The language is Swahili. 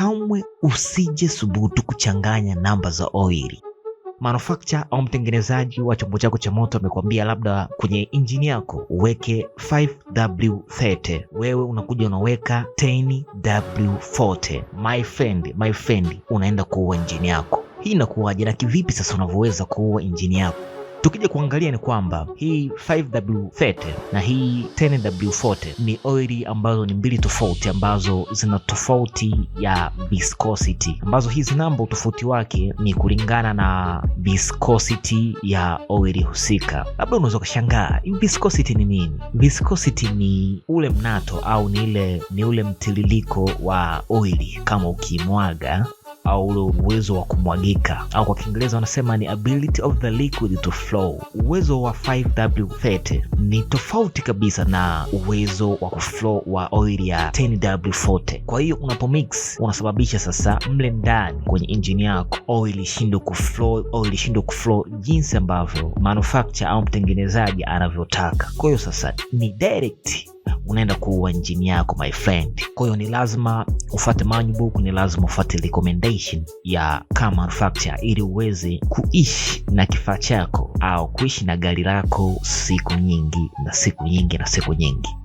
Kamwe usije subutu kuchanganya namba za oili. Manufacturer au mtengenezaji wa chombo chako cha moto amekwambia labda kwenye injini yako uweke 5W30, wewe unakuja unaweka 10W40. My friend, my friend, unaenda kuua injini yako. Hii inakuwaje na kivipi sasa unavyoweza kuua injini yako? Tukija kuangalia ni kwamba hii 5W30 na hii 10W40 ni oili ambazo ni mbili tofauti ambazo zina tofauti ya viscosity, ambazo hizi namba utofauti wake ni kulingana na viscosity ya oili husika. Labda unaweza ukashangaa viscosity ni nini? Viscosity ni ule mnato au ni ile ni ule mtiririko wa oili kama ukimwaga au ule uwezo wa kumwagika au kwa Kiingereza wanasema ni ability of the liquid to flow. Uwezo wa 5W30 ni tofauti kabisa na uwezo wa kuflow wa oil ya 10W40. Kwa hiyo unapomix unasababisha sasa mle ndani kwenye engine yako oil ishindwe kuflow, oil ishindwe kuflow jinsi ambavyo manufacturer au mtengenezaji anavyotaka. Kwa hiyo sasa ni direct unaenda kuua njini yako my friend. Kwa hiyo ni lazima ufate manual, ni lazima ufate recommendation ya car manufacturer ili uweze kuishi na kifaa chako au kuishi na gari lako siku nyingi na siku nyingi na siku nyingi.